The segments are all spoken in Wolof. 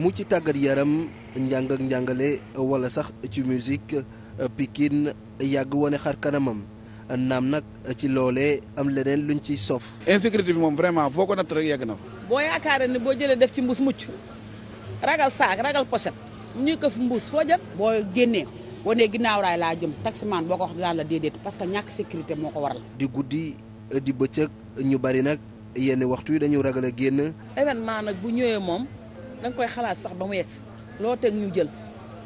mu ci tàggat yaram njàng ak njàngale wala sax ci musique Pikine yàgg wane xar kanamam naam nag ci loole am leneen luñ ci sof. insécurité bi moom vraiment foo ko natt rek yegg na boo yaakaaree ne boo jëlee def ci mbuus mucc ragal saak ragal pochette ñuy ko fi mbuus foo jëm. boo génnee boo nee ginnaaw raay laa jëm taximaan boo ko wax daan la déedéet parce que ñàkk sécurité moo ko waral. di guddi di bëccëg ñu bari nag yenn waxtu yi dañu ragal a génn. événement nag bu ñëwee moom. da koy xalaat sax ba mu yegg si loo teg ñu jël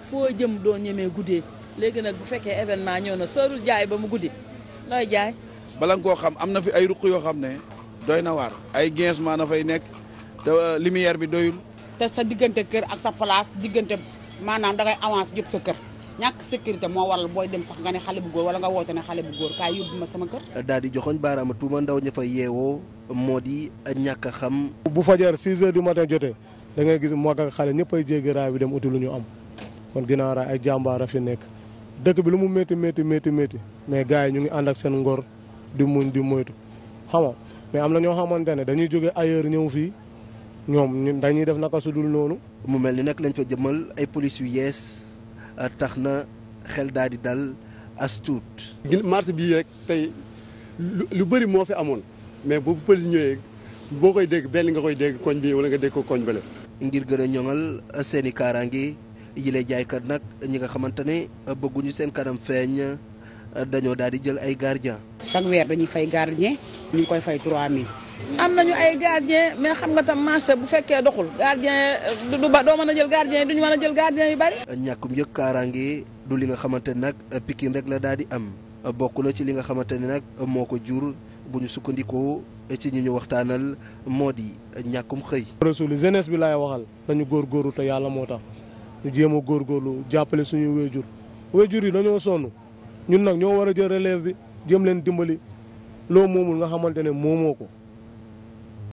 foo jëm doo ñemee guddee léegi nag bu fekkee événement ñëw na soorul jaay ba mu guddi looy jaay. bala nga koo xam am na fi ay ruq yoo xam ne dooy na waar ay guincement na fay nekk te euh, lumière bi doyul. te sa diggante kër ak sa place diggante maanaam dangay avance jot sa kër. ñàkk sécurité moo waral booy dem sax nga ne xale bu góor wala nga woote ne xale bu góor kaay yóbbu ma sama kër. daal di joxoñ baaraama tuuma ndaw ña fa yeewoo moo di ñàkk xam. bu fajar 6 heures du matin jotee da ngay gis mag ak xale ñëpp ay jéggi raay bi dem uti lu ñu am kon ginnaaw ay jàmbaar a fi nekk dëkk bi lu mu métti métti métti métti mais gars yi ñu ngi ànd ak seen ngor di muñ di moytu xam nga mais am na ñoo xamante ne dañuy jóge ailleurs ñëw fii ñoom dañuy def naka su dul noonu. mu mel ni nag lañ fa jëmal ay police yu yees euh, tax na xel daal di dal as tuut. mars bii rek tey lu bari moo fi amoon mais boobu police ñëwee boo koy dégg benn nga koy dégg koñ bi wala nga dégg ko koñ bële. ngir gën a ñoŋal seeni i kaaraange yi jaaykat nag ñi nga xamante ne bëgguñu seen kanam feeñ dañoo daal di jël ay gardien. chaque weer dañuy fay gardien ñu ngi koy fay 3000. am nañu ay gardien mais xam nga tam marché bu fekkee doxul. gardien du ba doo mën a jël gardien yi duñu mën a jël gardien yu bari. ñàkkum yëg kaaraange du li nga xamante ne nag Pikine rek la daal di am bokk na ci li nga xamante ne nag moo ko jur. bu ñu sukkandikoo ci ñu waxtaanal moo di ñàkkum xëy. rasul jeunesse bi lay waxal góor góorgóorlu te yàlla moo tax ñu jéem a góorlu jàppale suñuy wéjur wéjur yi dañoo sonn ñun nag ñoo war a jël relève bi jéem leen dimbali loo moomul nga xamante ne moomoo ko.